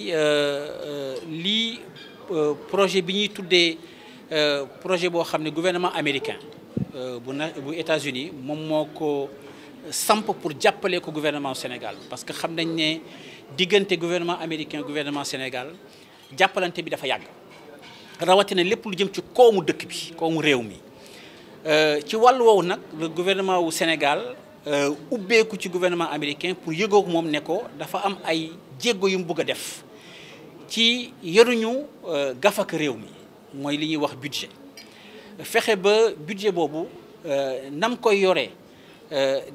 Euh, euh, lii euh, projet bi ñuy tuddee projet boo xam ne gouvernement américain bu na bu États-Unis moom moo ko samp pour jàppale ko gouvernement Sénégal parce que xam nañ ne diggante gouvernement américain gouvernement Sénégal jàppalante bi dafa yàgg rawatina lépp lu jëm ci koomu dëkk bi koomu réew mi ci wàll woowu nag le gouvernement wu Sénégal Euh, ubbeeku ci gouvernement américain pour yëgook moom ne ko dafa am ay jéego yu mu bëgg a def ci yoruñu euh, gafak réew mi mooy li ñuy wax budget fexe ba budget boobu euh, nam koy yoree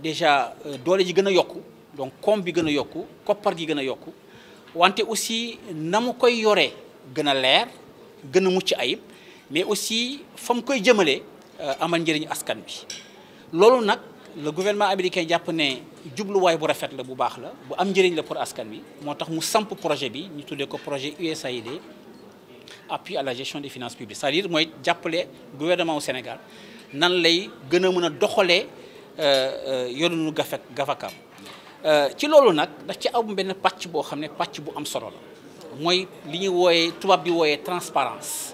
déjà doole ji gën a yokku donc koom bi gën a yokku koppar gi gën a yokku wante aussi na mu koy yore gën a leer gën a mucc ayib mais aussi fa mu koy jëmale amal njëriñu askan bi loolu nag le gouvernement américain jàpp ne jubluwaay bu rafet la bu baax la bu am njëriñ la pour askan bi moo tax mu samp projet bi ñu tuddee ko projet USAID appui à la gestion des finances publiques cest dire mooy jàppale gouvernement wu Sénégal nan lay gën a mën a doxalee euh, euh, yoonu gafe gafakam euh, ci loolu nag daf ci am benn pàcc boo xam ne pàcc bu am solo la mooy li ñuy wooyee tubaab bi wooyee transparence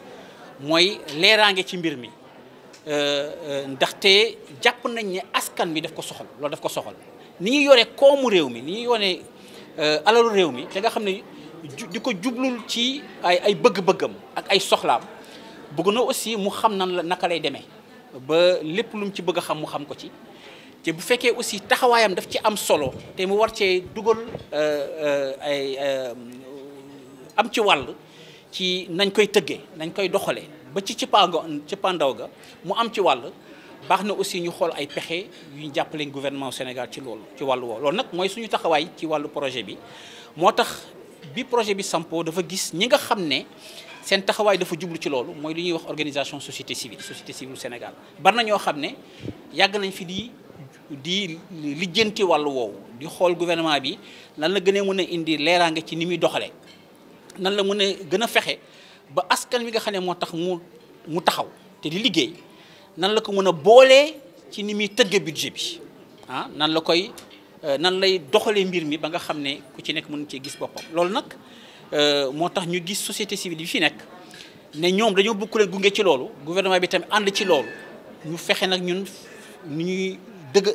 mooy leeraange ci mbir mi Euh, euh, ndaxte jàpp nañ ne askan bi daf ko soxal loolu daf ko soxal ni ñuy yore koomu réew mi ni ñuy yore euh, alalu réew mi te nga xam ne di ko jublul ci ay ay bëgg-bëggam ak ay soxlaam bëgg na aussi mu xam na la naka lay demee ba lépp lum ci bëgg a xam mu xam ko ci te bu fekkee aussi taxawaayam daf ci am solo te mu war cee dugal ay am ci wàll ci nañ koy tëgge nañ koy doxalee ba ci ci pandaw ga mu am ci wàll baax na aussi ñu xool ay pexe yu ñu jàppale gouvernement Sénégal ci loolu ci wàllu woowu loolu nag mooy suñu taxawaay ci wàllu projet bi moo tax bi projet bi sampo dafa gis ñi nga xam ne seen taxawaay dafa jublu ci loolu mooy li ñuy wax organisation société civile société civile Sénégal bari na ñoo xam ne yàgg nañ fi di di lijjanti wàllu woowu di xool gouvernement bi lan la gën a mën a indi leeraange ci ni muy doxalee nan la mën a gën a fexe ba askan wi nga xam ne moo tax mu mu taxaw te di liggéey nan la ko mën a boolee ci ni muy tëgg budget bi ah nan la koy euh, nan lay doxalee mbir mi ba nga xam ne ku ci nekk mun mën cee gis boppam loolu nag euh, moo tax ñu gis société civile bi fi nekk ne ñoom dañoo bëgg gunge ci loolu gouvernement bi tamit ànd ci loolu ñu fexe nag ñun nu ñuy dëgg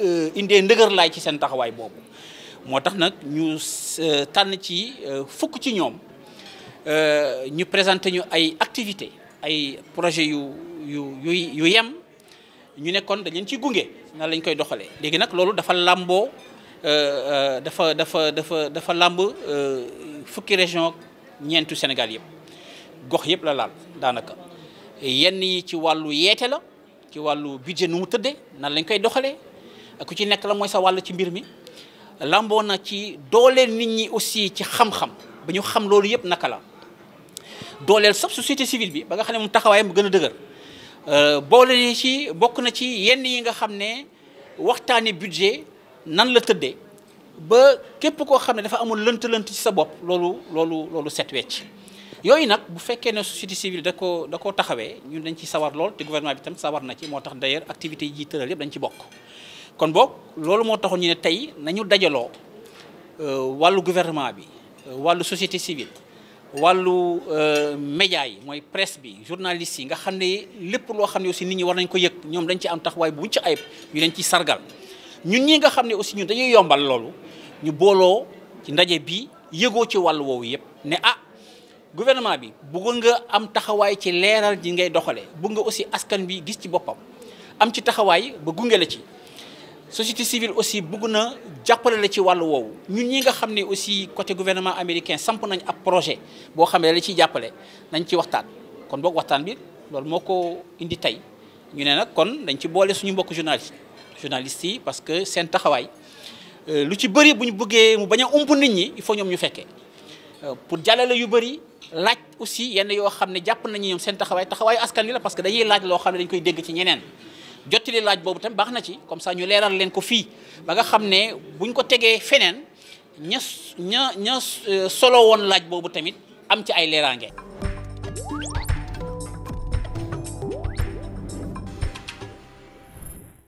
euh, indee ndëgër laay ci seen taxawaay boobu moo tax nag ñu tànn ci fukk ci ñoom Euh, ñu présenté ñu ay activités ay projets yu yu yu yu yem ñu nekkoon kon dañ ciy gunge na lañ koy doxalee. léegi nag loolu dafa làmboo euh, euh, dafa dafa dafa dafa làmb fukki région ñeentu Sénégal yëpp gox yëpp la laal daanaka yenn yi ci wàllu yeete la ci wàllu budget nu mu tëddee nan lañ koy doxalee ku ci nekk la mooy sa wàll ci mbir mi. làmboo na ci dooleel nit ñi aussi ci xam-xam ba ñu xam loolu yëpp naka la dooleel sob société civile bi ba nga xam ne moom taxawaayam mu gën a dëgër euh, boole ci bokk na ci yenn yi nga xam ne waxtaani budget nan la tëddee ba képp koo xam ne dafa amul lënt-lënt ci sa bopp loolu loolu loolu set wecc yooyu nag bu fekkee ne société civile da ko da koo taxawee ñun dañ ci sawar lool te gouvernement bi tam sawar na ci moo tax d'ailleurs activité yi tëral yëpp dañ ci bokk kon boog loolu moo taxoon ñu ne tey nañu dajaloo euh, wàllu gouvernement bi euh, wàllu société civile wàllu euh, média yi mooy presse bi journaliste yi nga xam ne lépp loo xam ne aussi nit ñi war nañ ko yëg ñoom dañ ci am taxawaay bu mucc ayib ñu leen ci sargal ñun ñi nga xam ne aussi ñun dañuy yombal loolu ñu booloo ci ndaje bi yëgoo ci wàllu woowu yëpp ne ah gouvernement bi bëgg nga am taxawaay ci leeral ji ngay doxalee bugg nga aussi askan bi gis ci boppam am ci taxawaay ba gunge la ci. société civile aussi bëgg na jàppale la ci wàllu woowu ñun ñi nga xam ne aussi côté gouvernement américain samp nañ ab projet boo xam ne la ciy jàppale nañ ci waxtaan kon boog waxtaan bi loolu moo ko indi tey ñu ne nag kon dañ ci boole suñu mbokk journaliste journalistes yi parce que seen taxawaay euh, lu ci bëri bu ñu bëggee mu bañ a ump nit ñi il faut ñoom ñu fekkee euh, pour jàllale yu bëri laaj aussi yenn yoo xam ne jàpp nañu ñoom seen taxawaay taxawaayu askan wi la parce que dañuy laaj loo xam ne dañ koy dégg ci ñeneen jottali laaj boobu tam baax na ci comme ça ñu leeral leen ko fii ba nga xam ne buñ ko tegee feneen ña ña ña euh, solo woon laaj boobu tamit am ci ay leeraange.